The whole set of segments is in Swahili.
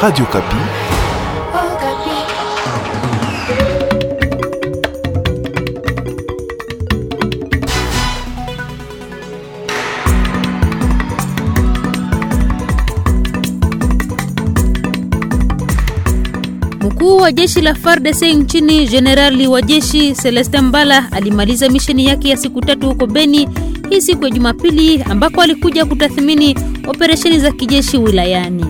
Radio Kapi. Oh, Kapi. Mkuu wa jeshi la FARDC nchini Jenerali wa jeshi Celestin Mbala alimaliza misheni yake ya siku tatu huko Beni hii siku ya Jumapili ambako alikuja kutathmini operesheni za kijeshi wilayani.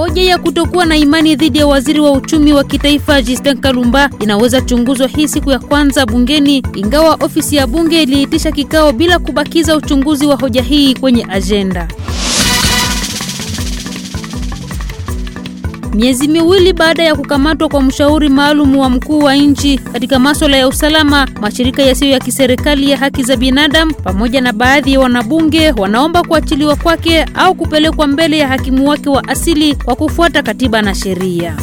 Hoja ya kutokuwa na imani dhidi ya waziri wa uchumi wa kitaifa Justin Kalumba inaweza chunguzwa hii siku ya kwanza bungeni, ingawa ofisi ya bunge iliitisha kikao bila kubakiza uchunguzi wa hoja hii kwenye ajenda. Miezi miwili baada ya kukamatwa kwa mshauri maalum wa mkuu wa nchi katika masuala ya usalama, mashirika yasiyo ya kiserikali ya haki za binadamu pamoja na baadhi ya wanabunge wanaomba kuachiliwa kwake au kupelekwa mbele ya hakimu wake wa asili kwa kufuata katiba na sheria.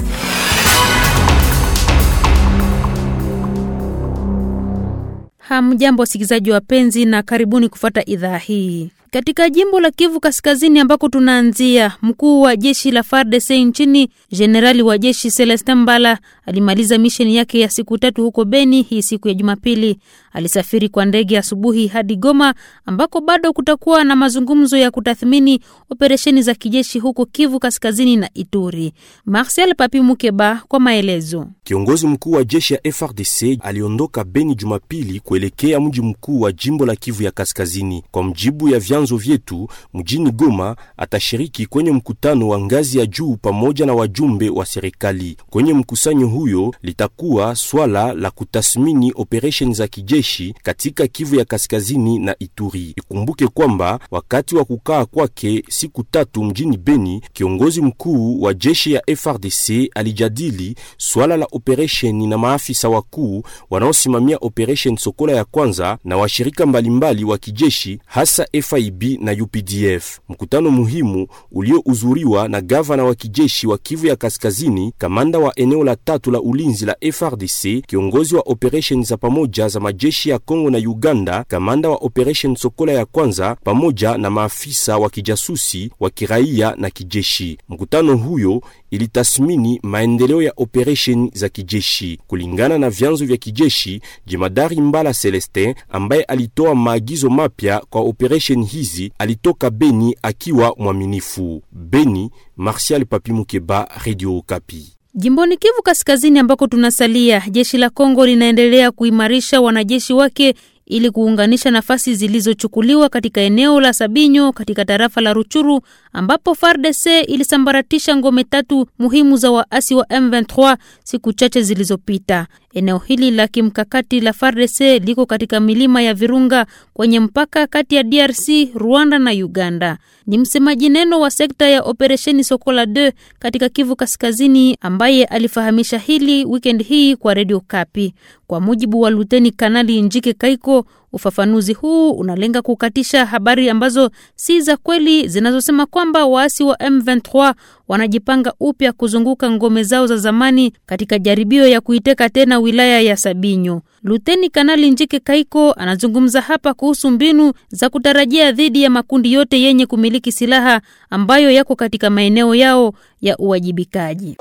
Hamjambo wasikilizaji wapenzi, na karibuni kufuata idhaa hii. Katika jimbo la Kivu Kaskazini ambako tunaanzia, mkuu wa jeshi la FARDC nchini jenerali wa jeshi Celestin Mbala alimaliza misheni yake ya siku tatu huko Beni hii siku ya Jumapili alisafiri kwa ndege asubuhi hadi Goma ambako bado kutakuwa na mazungumzo ya kutathmini operesheni za kijeshi huko Kivu Kaskazini na Ituri. Marcel Papi Mukeba kwa maelezo. Kiongozi mkuu wa jeshi ya FRDC aliondoka Beni Jumapili kuelekea mji mkuu wa jimbo la Kivu ya Kaskazini. Kwa mjibu ya vyanzo vyetu mjini Goma, atashiriki kwenye mkutano wa ngazi ya juu pamoja na wajumbe wa serikali. Kwenye mkusanyo huyo litakuwa swala la kutathmini operesheni za kijeshi kijeshi katika Kivu ya Kaskazini na Ituri. Ikumbuke kwamba wakati wa kukaa kwake siku tatu mjini Beni, kiongozi mkuu wa jeshi ya FRDC alijadili swala la operesheni na maafisa wakuu wanaosimamia operesheni Sokola ya kwanza na washirika mbalimbali wa kijeshi hasa FIB na UPDF. Mkutano muhimu uliohudhuriwa na gavana wa kijeshi wa Kivu ya Kaskazini, kamanda wa eneo la tatu la ulinzi la FRDC, kiongozi wa operesheni za pamoja za majeshi majeshi ya Kongo na Uganda, kamanda wa Operation Sokola ya kwanza pamoja na maafisa wa kijasusi wa kiraia na kijeshi. Mkutano huyo ilitathmini maendeleo ya operation za kijeshi. Kulingana na vyanzo vya kijeshi, jemadari Mbala Celestin ambaye alitoa maagizo mapya kwa operation hizi alitoka Beni akiwa mwaminifu. Beni, Martial Papi Mukeba, Radio Okapi. Jimboni Kivu Kaskazini ambako tunasalia, jeshi la Kongo linaendelea kuimarisha wanajeshi wake ili kuunganisha nafasi zilizochukuliwa katika eneo la Sabinyo katika tarafa la Ruchuru ambapo FARDC ilisambaratisha ngome tatu muhimu za waasi wa M23 siku chache zilizopita. Eneo hili la kimkakati la FARDC liko katika milima ya Virunga kwenye mpaka kati ya DRC, Rwanda na Uganda. Ni msemaji neno wa sekta ya operesheni Sokola 2 katika Kivu Kaskazini ambaye alifahamisha hili weekend hii kwa Radio Kapi. Kwa mujibu wa Luteni Kanali Njike Kaiko, Ufafanuzi huu unalenga kukatisha habari ambazo si za kweli zinazosema kwamba waasi wa M23 wanajipanga upya kuzunguka ngome zao za zamani katika jaribio ya kuiteka tena wilaya ya Sabinyo. Luteni Kanali Njike Kaiko anazungumza hapa kuhusu mbinu za kutarajia dhidi ya makundi yote yenye kumiliki silaha ambayo yako katika maeneo yao ya uwajibikaji.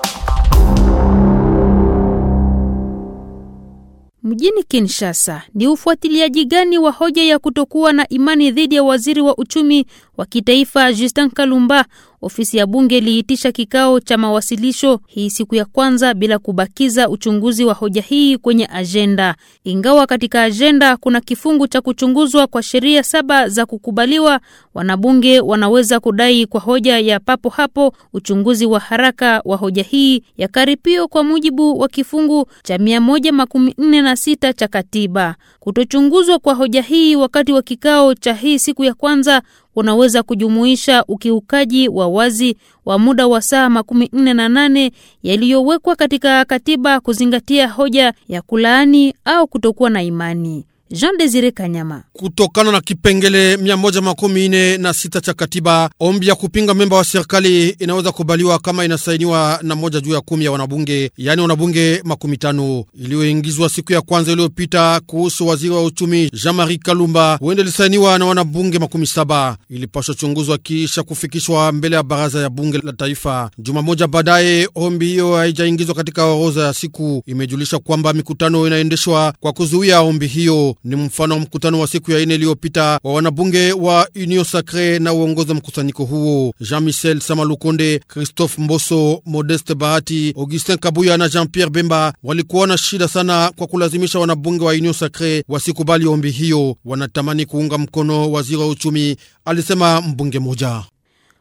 Mjini Kinshasa, ni ufuatiliaji gani wa hoja ya kutokuwa na imani dhidi ya waziri wa uchumi wa kitaifa Justin Kalumba, ofisi ya bunge iliitisha kikao cha mawasilisho hii siku ya kwanza bila kubakiza uchunguzi wa hoja hii kwenye ajenda, ingawa katika ajenda kuna kifungu cha kuchunguzwa kwa sheria saba za kukubaliwa, wanabunge wanaweza kudai kwa hoja ya papo hapo uchunguzi wa haraka wa hoja hii ya karipio kwa mujibu wa kifungu cha mia na sita cha katiba. Kutochunguzwa kwa hoja hii wakati wa kikao cha hii siku ya kwanza unaweza kujumuisha ukiukaji wa wazi wa muda wa saa makumi nne na nane yaliyowekwa katika katiba kuzingatia hoja ya kulaani au kutokuwa na imani. Jean Desire Kanyama. Kutokana na kipengele 146 cha katiba, ombi ya kupinga memba wa serikali inaweza kubaliwa kama inasainiwa na moja juu ya kumi ya wanabunge, yaani wanabunge makumi tano, iliyoingizwa siku ya kwanza iliyopita kuhusu waziri wa uchumi Jean-Marie Kalumba, huenda ilisainiwa na wanabunge makumi saba. Ilipashwa chunguzwa kisha kufikishwa mbele ya baraza ya bunge la taifa. Juma moja baadaye, ombi hiyo haijaingizwa katika orodha ya siku. Imejulisha kwamba mikutano inaendeshwa kwa kuzuia ombi hiyo ni mfano mkutano wa siku ya ine iliyopita wa wanabunge wa Union Sacre na uongozi mkusanyiko huo, Jean Michel Samalukonde, Christophe Mboso, Modeste Bahati, Augustin Kabuya na Jean Pierre Bemba walikuwa na shida sana kwa kulazimisha wanabunge wa Union Sacre wasikubali ombi hiyo. Wanatamani kuunga mkono waziri wa uchumi, alisema mbunge moja.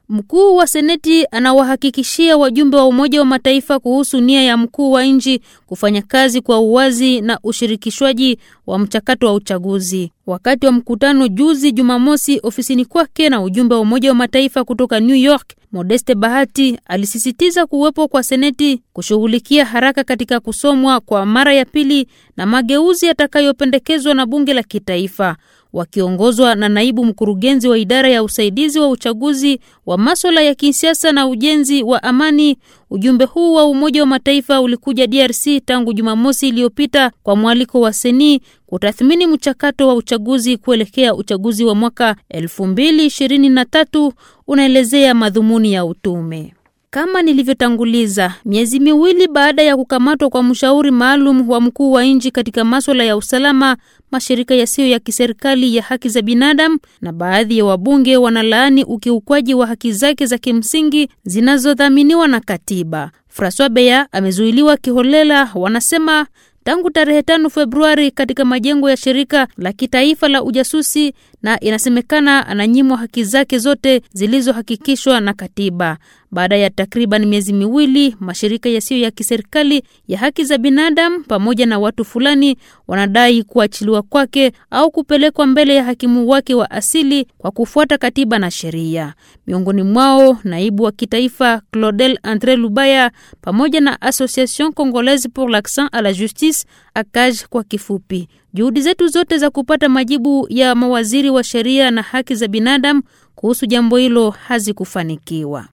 Mkuu wa Seneti anawahakikishia wajumbe wa Umoja wa Mataifa kuhusu nia ya mkuu wa nchi kufanya kazi kwa uwazi na ushirikishwaji wa mchakato wa uchaguzi. Wakati wa mkutano juzi Jumamosi ofisini kwake na ujumbe wa Umoja wa Mataifa kutoka New York, Modeste Bahati alisisitiza kuwepo kwa Seneti kushughulikia haraka katika kusomwa kwa mara ya pili na mageuzi yatakayopendekezwa na bunge la kitaifa wakiongozwa na naibu mkurugenzi wa idara ya usaidizi wa uchaguzi wa maswala ya kisiasa na ujenzi wa amani. Ujumbe huu wa Umoja wa Mataifa ulikuja DRC tangu Jumamosi iliyopita kwa mwaliko wa Seni kutathmini mchakato wa uchaguzi kuelekea uchaguzi wa mwaka 2023 unaelezea madhumuni ya utume. Kama nilivyotanguliza, miezi miwili baada ya kukamatwa kwa mshauri maalum wa mkuu wa nchi katika maswala ya usalama, mashirika yasiyo ya kiserikali ya haki za binadamu na baadhi ya wabunge wanalaani ukiukwaji wa haki zake za kimsingi zinazodhaminiwa na katiba. Francois Beya amezuiliwa kiholela, wanasema tangu tarehe tano Februari katika majengo ya shirika la kitaifa la ujasusi na inasemekana ananyimwa haki zake zote zilizohakikishwa na katiba. Baada ya takriban miezi miwili, mashirika yasiyo ya kiserikali ya haki za binadamu pamoja na watu fulani wanadai kuachiliwa kwake au kupelekwa mbele ya hakimu wake wa asili kwa kufuata katiba na sheria. Miongoni mwao naibu wa kitaifa Claudel Andre Lubaya pamoja na Association Congolaise pour l'accent a la justice ACAJ kwa kifupi. Juhudi zetu zote za kupata majibu ya mawaziri wa sheria na haki za binadamu kuhusu jambo hilo hazikufanikiwa.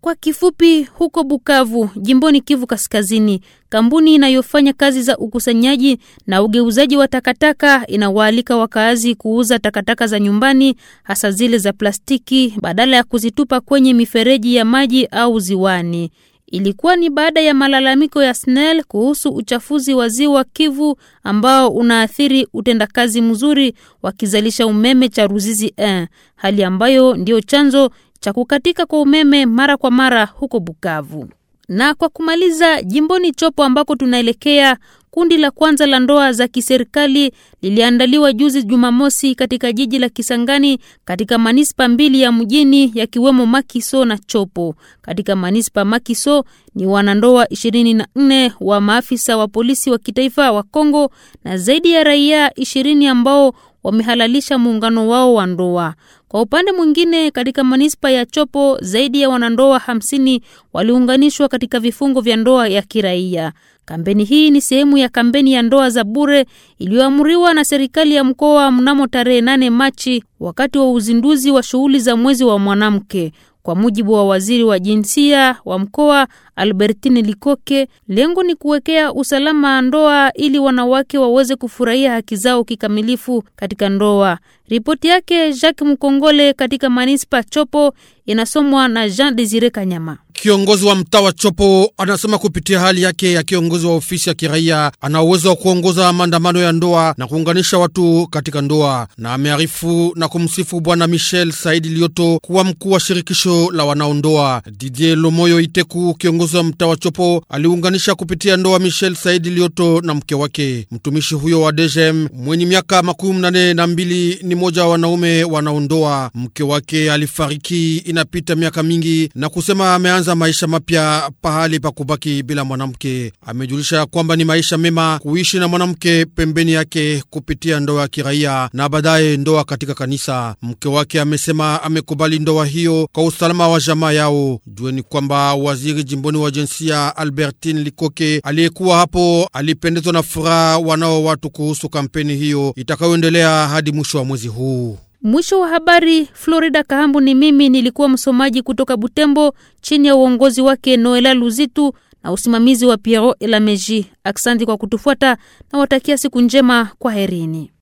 Kwa kifupi, huko Bukavu, jimboni Kivu Kaskazini, kampuni inayofanya kazi za ukusanyaji na ugeuzaji wa takataka inawaalika wakaazi kuuza takataka za nyumbani, hasa zile za plastiki, badala ya kuzitupa kwenye mifereji ya maji au ziwani. Ilikuwa ni baada ya malalamiko ya SNEL kuhusu uchafuzi wa ziwa Kivu ambao unaathiri utendakazi mzuri wa kizalisha umeme cha Ruzizi 1, hali ambayo ndiyo chanzo cha kukatika kwa umeme mara kwa mara huko Bukavu. Na kwa kumaliza, jimboni Chopo ambako tunaelekea, Kundi la kwanza la ndoa za kiserikali liliandaliwa juzi Jumamosi katika jiji la Kisangani katika manispa mbili ya mjini yakiwemo Makiso na Chopo. Katika manispa Makiso ni wanandoa 24 wa maafisa wa polisi wa kitaifa wa Kongo na zaidi ya raia 20 ambao wamehalalisha muungano wao wa ndoa. Kwa upande mwingine, katika manispa ya Chopo zaidi ya wanandoa hamsini waliunganishwa katika vifungo vya ndoa ya kiraia. Kampeni hii ni sehemu ya kampeni ya ndoa za bure iliyoamriwa na serikali ya mkoa mnamo tarehe 8 Machi wakati wa uzinduzi wa shughuli za mwezi wa mwanamke. Kwa mujibu wa waziri wa jinsia wa mkoa Albertine Likoke, lengo ni kuwekea usalama ndoa ili wanawake waweze kufurahia haki zao kikamilifu katika ndoa. Ripoti yake Jacques Mkongole katika manispa Chopo inasomwa na Jean Desire Kanyama. Kiongozi wa mtaa wa Chopo anasema kupitia hali yake ya kiongozi wa ofisi ya kiraia ana uwezo wa kuongoza maandamano ya ndoa na kuunganisha watu katika ndoa, na amearifu na kumsifu Bwana Michel Saidi Lioto kuwa mkuu wa shirikisho la wanaondoa. Didier Lomoyo Iteku, kiongozi wa mtaa wa Chopo, aliunganisha kupitia ndoa Michel Saidi Lioto na mke wake. Mtumishi huyo wa dgm mwenye miaka makumi mnane na mbili ni moja wa wanaume wanaondoa. Mke wake alifariki inapita miaka mingi na kusema ameanza kuanza maisha mapya pahali pa kubaki bila mwanamke. Amejulisha kwamba ni maisha mema kuishi na mwanamke pembeni yake kupitia ndoa ya kiraia na baadaye ndoa katika kanisa. Mke wake amesema amekubali ndoa hiyo kwa usalama wa jamaa yao. Jueni kwamba waziri jimboni wa jinsia Albertine Likoke aliyekuwa hapo alipendezwa na furaha wanao watu kuhusu kampeni hiyo itakayoendelea hadi mwisho wa mwezi huu. Mwisho wa habari. Florida Kahambu ni mimi, nilikuwa msomaji kutoka Butembo chini ya uongozi wake Noela Luzitu na usimamizi wa Piero Elameji. Aksanti kwa kutufuata na watakia siku njema, kwa herini.